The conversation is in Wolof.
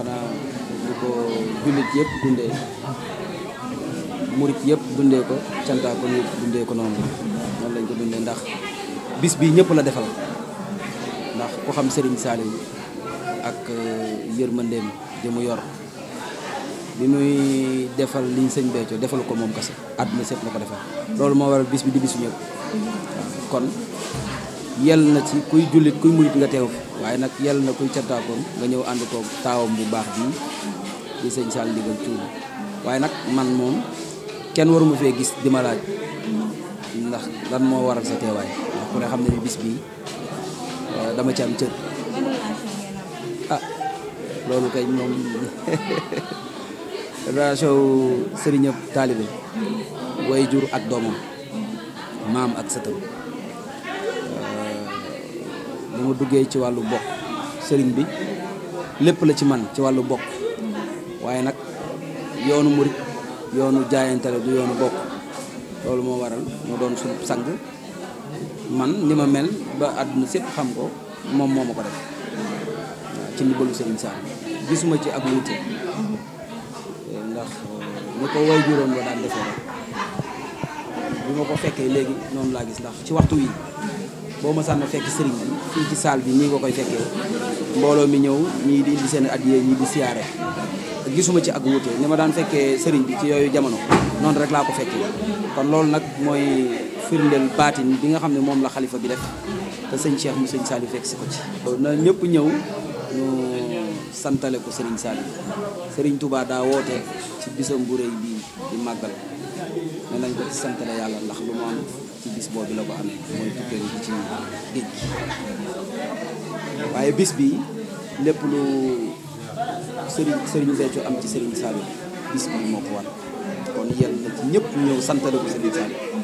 xanaa di ko jullit yëpp dundee murit yëpp dundee ko cantaa ko dundee ko noonu noonu lañ ko dundee ndax bis bii ñëpp la defal ndax ku xam sëriñ Serigne Saliou ak euh, yërmandeem di mu yor bi muy defal liñ sëñ Béthio defal ko moom kese àdduna sépp la ko defal loolu moo waral bis bi di bisu ñëpp kon yell na ci kuy jullit kuy murit nga teew fi waaye nag yell na kuy cantaakoon nga ñëw ànd koog taawam bu baax bii di sëñ Sall ndigal cuubi waaye nag man moom kenn waruma fee gis di ma laaj ndax lan moo waral sa teewaay ndax ku ne xam ne bis euh, dama ci am cër ah loolu kay moom relation sëriñëb taalibe way jur ak doomam maam ak sëtam ma duggee ci wàllu bokk sëriñ bi lépp la ci man ci wàllu bokk waaye nag yoonu murit yoonu jaayantale du yoonu bokk loolu moo waral mu doon suñu sang man ni ma mel ba àdduna sépp xam ko moom moo ma ko def waaw ci ndimbalu sëriñ Sall gisuma ci ak wuute ndax euh, ni ko way juróom la daan defee rek bi ma ko fekkee léegi noonu laa gis ndax ci waxtu wi boo ma sànn fekk sëriñ bi fii ci saal bi nii nga koy fekkee mbooloo mi ñëw ñii di indi seen addiya ñii di siyaare gisuma ci ak wuute ni ma daan fekkee sëriñ bi ci yooyu jamono noonu rek laa ko fekkee kon loolu nag mooy firndeel baatin bi nga xam ne moom la xalifa bi def te sëñ Cheikh mu sëñ Saliou fekk si ko ci na ñëpp ñëw ñu santale ko sëriñ Saliou sëriñ Touba daa woote ci bisam bu rëy bii di màggal ne nañ ko ci santale yàlla ndax lu mu am ci bis boobu la ko amee mooy tukkee bi ci géej gi waaye bis bi lépp lu sëriñ sëriñ Béthio am ci sëriñ Saliou bis bi moo ko war kon yéen na ci ñëpp ñëw santale ko sëriñ Saliou